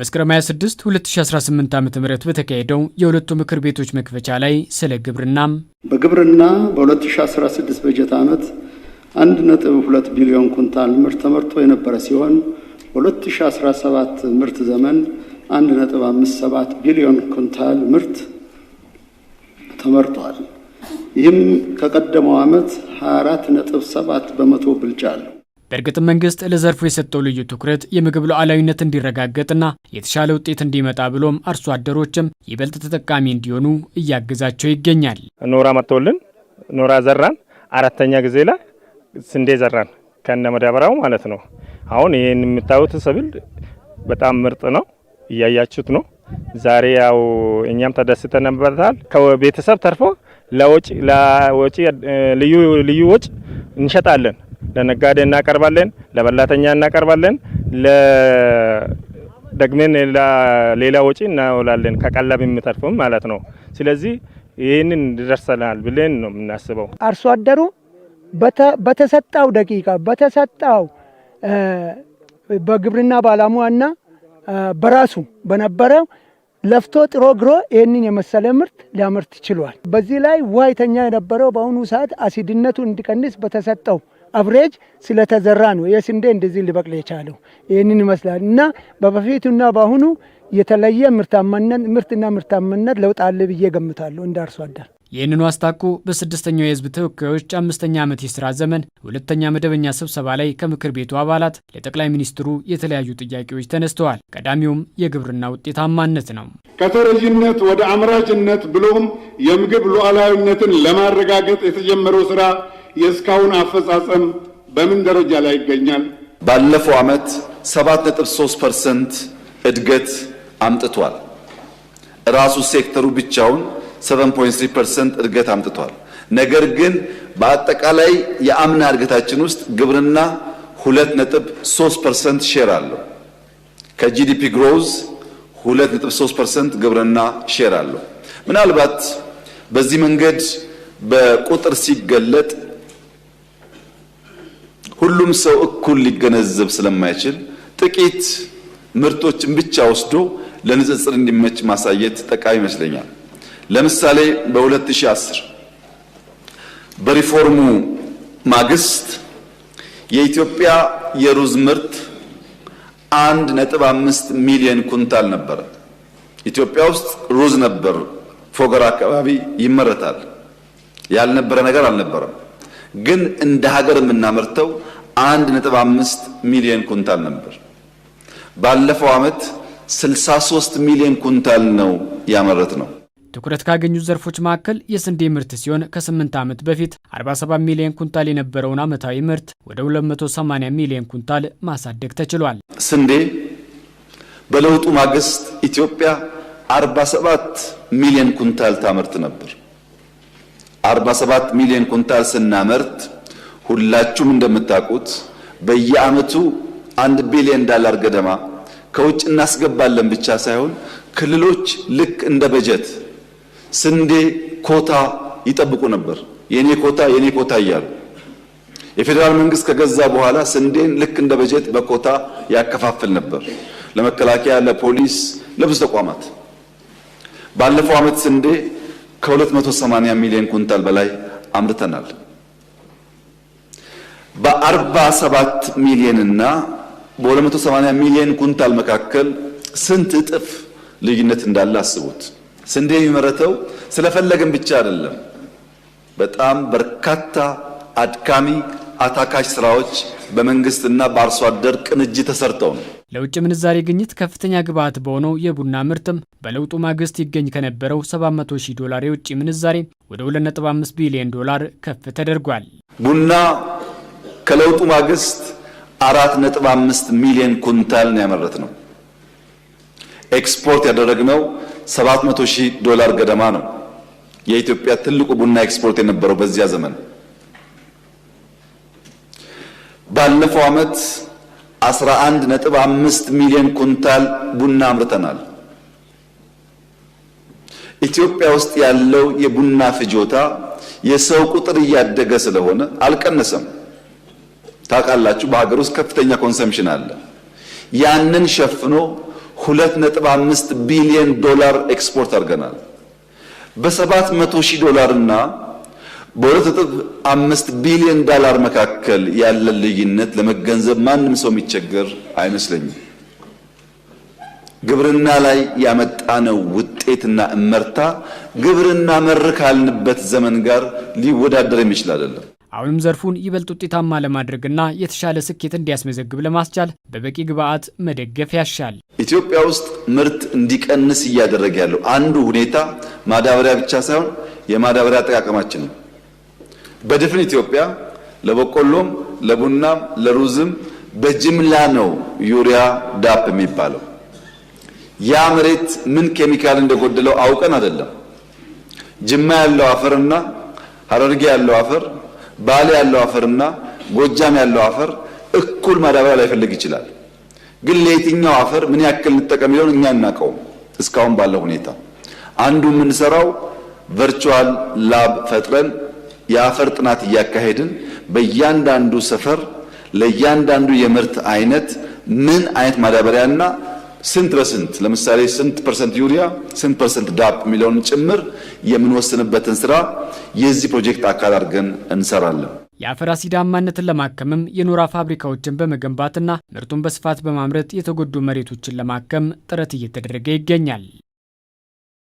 መስከረም 26 2018 ዓ ም በተካሄደው የሁለቱ ምክር ቤቶች መክፈቻ ላይ ስለ ግብርና በግብርና በ2016 በጀት ዓመት 1.2 ቢሊዮን ኩንታል ምርት ተመርቶ የነበረ ሲሆን በ2017 ምርት ዘመን 1.57 ቢሊዮን ኩንታል ምርት ተመርቷል። ይህም ከቀደመው ዓመት 24.7 በመቶ ብልጫ አለው። በእርግጥ መንግስት ለዘርፉ የሰጠው ልዩ ትኩረት የምግብ ሉዓላዊነት እንዲረጋገጥና የተሻለ ውጤት እንዲመጣ ብሎም አርሶ አደሮችም ይበልጥ ተጠቃሚ እንዲሆኑ እያገዛቸው ይገኛል። ኖራ መጥቶልን ኖራ ዘራን፣ አራተኛ ጊዜ ላይ ስንዴ ዘራን ከነመዳበሪያው ማለት ነው። አሁን ይህን የምታዩት ሰብል በጣም ምርጥ ነው፣ እያያችሁት ነው። ዛሬ ያው እኛም ተደስተንበታል። ከቤተሰብ ተርፎ ለወጪ ልዩ ወጪ እንሸጣለን። ለነጋዴ እናቀርባለን፣ ለበላተኛ እናቀርባለን፣ ደግመን ሌላ ወጪ እናውላለን፣ ከቀላብ የምተርፍም ማለት ነው። ስለዚህ ይህንን ደርሰናል ብለን ነው የምናስበው። አርሶ አደሩ በተሰጣው ደቂቃ በተሰጣው በግብርና ባለሙያና በራሱ በነበረው ለፍቶ ጥሮ ግሮ ይህንን የመሰለ ምርት ሊያመርት ችሏል። በዚህ ላይ ውሃ የተኛ የነበረው በአሁኑ ሰዓት አሲድነቱ እንዲቀንስ በተሰጠው አብሬጅ ስለተዘራ ነው የስንዴ እንደዚህ ሊበቅል የቻለው። ይህንን ይመስላል እና በበፊቱና በአሁኑ የተለየ ምርታማነት ምርትና ምርታማነት ለውጥ አለ ብዬ ገምታለሁ እንደ አርሶ አደር። ይህንኑ አስታኮ በስድስተኛው የህዝብ ተወካዮች አምስተኛ ዓመት የስራ ዘመን ሁለተኛ መደበኛ ስብሰባ ላይ ከምክር ቤቱ አባላት ለጠቅላይ ሚኒስትሩ የተለያዩ ጥያቄዎች ተነስተዋል። ቀዳሚውም የግብርና ውጤታማነት ነው። ከተረጂነት ወደ አምራችነት ብሎም የምግብ ሉዓላዊነትን ለማረጋገጥ የተጀመረው ስራ የእስካሁን አፈጻጸም በምን ደረጃ ላይ ይገኛል? ባለፈው ዓመት 7.3 ፐርሰንት እድገት አምጥቷል። ራሱ ሴክተሩ ብቻውን 7.3 ፐርሰንት እድገት አምጥቷል። ነገር ግን በአጠቃላይ የአምና እድገታችን ውስጥ ግብርና 2.3 ፐርሰንት ሼር አለው። ከጂዲፒ ግሮዝ 2.3 ፐርሰንት ግብርና ሼር አለው። ምናልባት በዚህ መንገድ በቁጥር ሲገለጥ ሁሉም ሰው እኩል ሊገነዘብ ስለማይችል ጥቂት ምርቶችን ብቻ ወስዶ ለንጽጽር እንዲመች ማሳየት ጠቃሚ ይመስለኛል። ለምሳሌ በ2010 በሪፎርሙ ማግስት የኢትዮጵያ የሩዝ ምርት አንድ ነጥብ አምስት ሚሊዮን ኩንታል ነበረ። ኢትዮጵያ ውስጥ ሩዝ ነበር፣ ፎገራ አካባቢ ይመረታል። ያልነበረ ነገር አልነበረም። ግን እንደ ሀገር የምናመርተው አንድ ነጥብ አምስት ሚሊዮን ኩንታል ነበር። ባለፈው ዓመት 63 ሚሊዮን ኩንታል ነው ያመረት ነው። ትኩረት ካገኙት ዘርፎች መካከል የስንዴ ምርት ሲሆን ከ8 ዓመት በፊት 47 ሚሊዮን ኩንታል የነበረውን ዓመታዊ ምርት ወደ 280 ሚሊዮን ኩንታል ማሳደግ ተችሏል። ስንዴ በለውጡ ማግስት ኢትዮጵያ 47 ሚሊዮን ኩንታል ታመርት ነበር። 47 ሚሊዮን ኩንታል ስናመርት ሁላችሁም እንደምታውቁት በየአመቱ አንድ ቢሊዮን ዳላር ገደማ ከውጭ እናስገባለን ብቻ ሳይሆን ክልሎች ልክ እንደ በጀት ስንዴ ኮታ ይጠብቁ ነበር። የኔ ኮታ የኔ ኮታ እያሉ የፌዴራል መንግስት ከገዛ በኋላ ስንዴን ልክ እንደ በጀት በኮታ ያከፋፍል ነበር ለመከላከያ፣ ለፖሊስ፣ ለብዙ ተቋማት። ባለፈው ዓመት ስንዴ ከ280 ሚሊዮን ኩንታል በላይ አምርተናል። በ47 ሚሊዮን እና በ280 ሚሊዮን ኩንታል መካከል ስንት እጥፍ ልዩነት እንዳለ አስቡት። ስንዴ የሚመረተው ስለፈለገን ብቻ አይደለም። በጣም በርካታ አድካሚ አታካሽ ስራዎች በመንግስትና በአርሶ አደር ቅንጅ ተሰርተው ነው። ለውጭ ምንዛሬ ግኝት ከፍተኛ ግብዓት በሆነው የቡና ምርትም በለውጡ ማግስት ይገኝ ከነበረው 700 ሺህ ዶላር የውጭ ምንዛሬ ወደ 2.5 ቢሊዮን ዶላር ከፍ ተደርጓል። ቡና ከለውጡ ማግስት አራት ነጥብ አምስት ሚሊዮን ኩንታል ነው ያመረት ነው። ኤክስፖርት ያደረግነው ሰባት መቶ ሺህ ዶላር ገደማ ነው። የኢትዮጵያ ትልቁ ቡና ኤክስፖርት የነበረው በዚያ ዘመን። ባለፈው ዓመት 11.5 ሚሊዮን ኩንታል ቡና አምርተናል። ኢትዮጵያ ውስጥ ያለው የቡና ፍጆታ የሰው ቁጥር እያደገ ስለሆነ አልቀነሰም። ታውቃላችሁ፣ በሀገር ውስጥ ከፍተኛ ኮንሰምሽን አለ። ያንን ሸፍኖ 2.5 ቢሊዮን ዶላር ኤክስፖርት አድርገናል። በ700 ሺህ ዶላር እና በ2.5 ቢሊዮን ዶላር መካከል ያለ ልዩነት ለመገንዘብ ማንም ሰው የሚቸገር አይመስለኝም። ግብርና ላይ ያመጣነው ውጤትና እመርታ ግብርና መር ካልንበት ዘመን ጋር ሊወዳደር የሚችል አይደለም። አሁንም ዘርፉን ይበልጥ ውጤታማ ለማድረግና የተሻለ ስኬት እንዲያስመዘግብ ለማስቻል በበቂ ግብዓት መደገፍ ያሻል። ኢትዮጵያ ውስጥ ምርት እንዲቀንስ እያደረገ ያለው አንዱ ሁኔታ ማዳበሪያ ብቻ ሳይሆን የማዳበሪያ አጠቃቀማችን ነው። በድፍን ኢትዮጵያ ለበቆሎም፣ ለቡናም፣ ለሩዝም በጅምላ ነው ዩሪያ ዳፕ የሚባለው። ያ መሬት ምን ኬሚካል እንደጎደለው አውቀን አይደለም። ጅማ ያለው አፈርና ሀረርጌ ያለው አፈር ባሌ ያለው አፈርና ጎጃም ያለው አፈር እኩል ማዳበሪያ ላይፈልግ ይችላል። ግን ለየትኛው አፈር ምን ያክል እንጠቀም ይሆን እኛ እናውቀውም። እስካሁን ባለው ሁኔታ አንዱ የምንሰራው ቨርቹዋል ላብ ፈጥረን የአፈር ጥናት እያካሄድን በእያንዳንዱ ሰፈር ለእያንዳንዱ የምርት አይነት ምን አይነት ማዳበሪያና ስንት በስንት ለምሳሌ ስንት ፐርሰንት ዩሪያ ስንት ፐርሰንት ዳፕ የሚለውን ጭምር የምንወስንበትን ስራ የዚህ ፕሮጀክት አካል አድርገን እንሰራለን። የአፈር አሲዳማነትን ለማከምም የኖራ ፋብሪካዎችን በመገንባትና ምርቱን በስፋት በማምረት የተጎዱ መሬቶችን ለማከም ጥረት እየተደረገ ይገኛል።